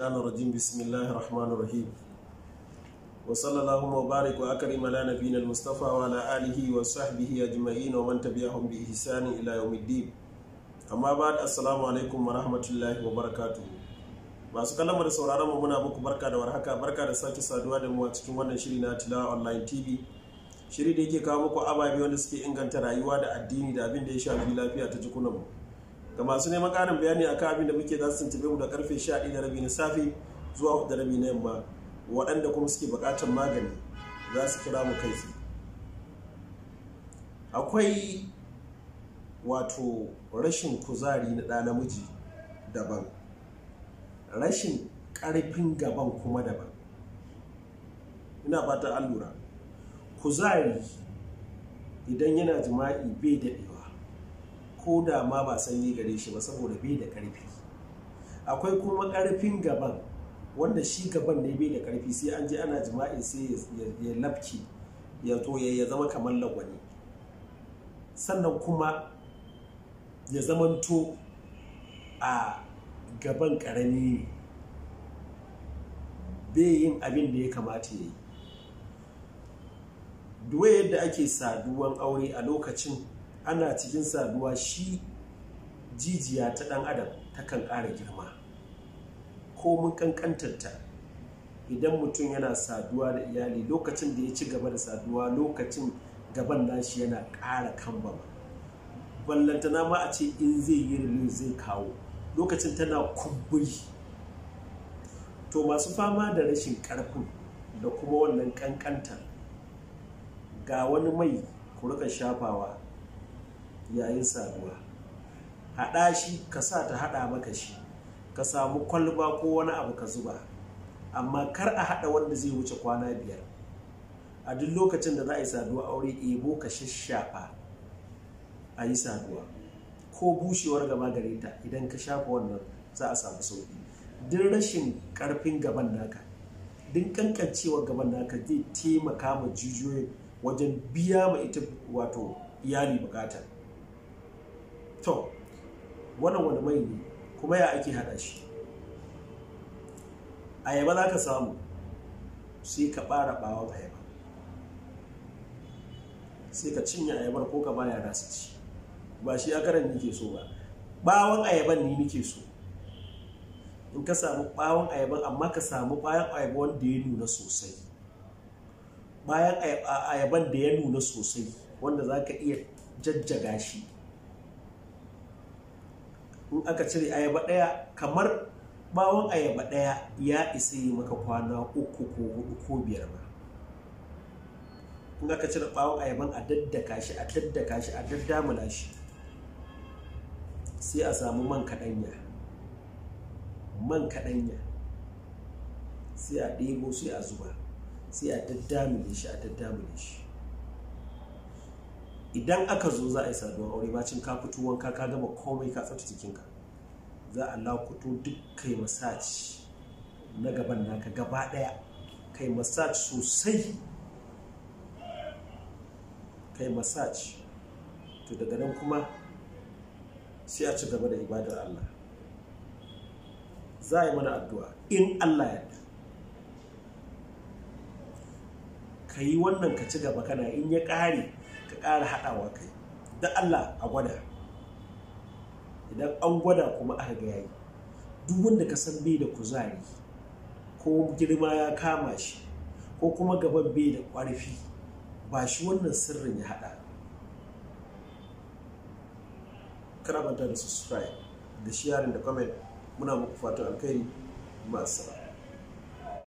الشيطان الرجيم بسم الله الرحمن الرحيم وصلى الله وبارك واكرم على نبينا المصطفى وعلى اله وصحبه اجمعين ومن تبعهم باحسان الى يوم الدين amma ba da assalamu alaikum wa rahmatullahi wa barakatu masu kallon da sauraron mu muna muku barka da warhaka barka da sake saduwa da mu a cikin wannan shiri na tilawa online tv shiri da yake kawo muku ababe wanda suke inganta rayuwa da addini da abin da ya shafi lafiya ta jikunan mu ga masu neman ƙarin bayani a abin da muke za su tuntube mu da karfe 11 da rabi na safe zuwa da rabi na yamma waɗanda kuma suke buƙatar magani za su kira mu kai akwai wato rashin kuzari na ɗa namiji daban rashin ƙarfin gaban kuma daban ina fata an lura kuzari idan yana jima'i bai daɗewa ko da ma ba sanyi gare shi ba saboda bai da karfi akwai kuma karfin gaban wanda shi gaban ne bai da karfi sai an je ana jima'i sai ya lafki ya to ya zama kamar lagwani sannan kuma ya zamanto a gaban karami ne bai yin abin da ya kamata ya yi duwaye yadda ake saduwan aure a lokacin ana cikin saduwa shi jijiya ta ɗan adam takan ƙara girma ko mun ƙanƙantarta idan mutum yana saduwa da iyali lokacin da ya ci gaba da saduwa lokacin gaban nashi yana ƙara kambama ballantana ma a ce in zai yi release zai kawo lokacin tana kumburi to masu fama da rashin ƙarfin da kuma wannan ƙanƙantar ga wani mai ku rika shafawa yayin saduwa haɗa shi ka sa ta haɗa maka shi ka samu kwalba ko wani abu ka zuba amma kar a haɗa wanda zai wuce kwana biyar a duk lokacin da za a yi saduwa aure ebo ka shashafa a yi saduwa ko bushewar gaba gare ta idan ka shafa wannan za a samu sauki duk rashin karfin gaban naka duk kankancewar gaban naka zai taimaka ma jijiyoyin wajen biya ma ita wato iyali bukatar to wannan wani mai ne kuma ya ake hada shi ayaba za ka samu sai ka ɓara ɓawon ayaba sai ka cinye ayabar ko ka ba da su ci ba shi akaran nike so ba Ɓawan ayaban ni nike so in ka samu ɓawan ayaban amma ka samu bayan ayaba wanda ya nuna sosai bayan ayaban da ya nuna sosai wanda za ka iya jajjaga shi in aka cire ayaba ɗaya kamar bawon ayaba ɗaya ya isa yi maka kwana uku ko hudu ko biyar ba in aka cire bawon ayaban a daddaka shi a daddaka shi a daddamula shi sai a samu man kaɗanya man kaɗanya sai a ɗebo sai a zuba sai a daddamule shi a daddamule shi idan aka zo za a yi saduwar aure bacin ka fito wanka ka gama komai ka tsafta jikinka za a lakuto duk kai masaci na gaban naka gaba daya kai masaci sosai kai masaci to daga nan kuma sai a ci gaba da ibadar Allah za a yi mana addu'a in Allah yadda ka yi wannan ka ci gaba kana in ya ƙare ka ƙara haɗawa kai da Allah a gwada idan an gwada kuma aka ga yayi duk wanda ka san bai da kuzari ko girma ya kama shi ko kuma gaban bai da ƙwarfi ba shi wannan sirrin ya haɗa kana manta da subscribe da sharing da comment muna muku fatan alkhairi masu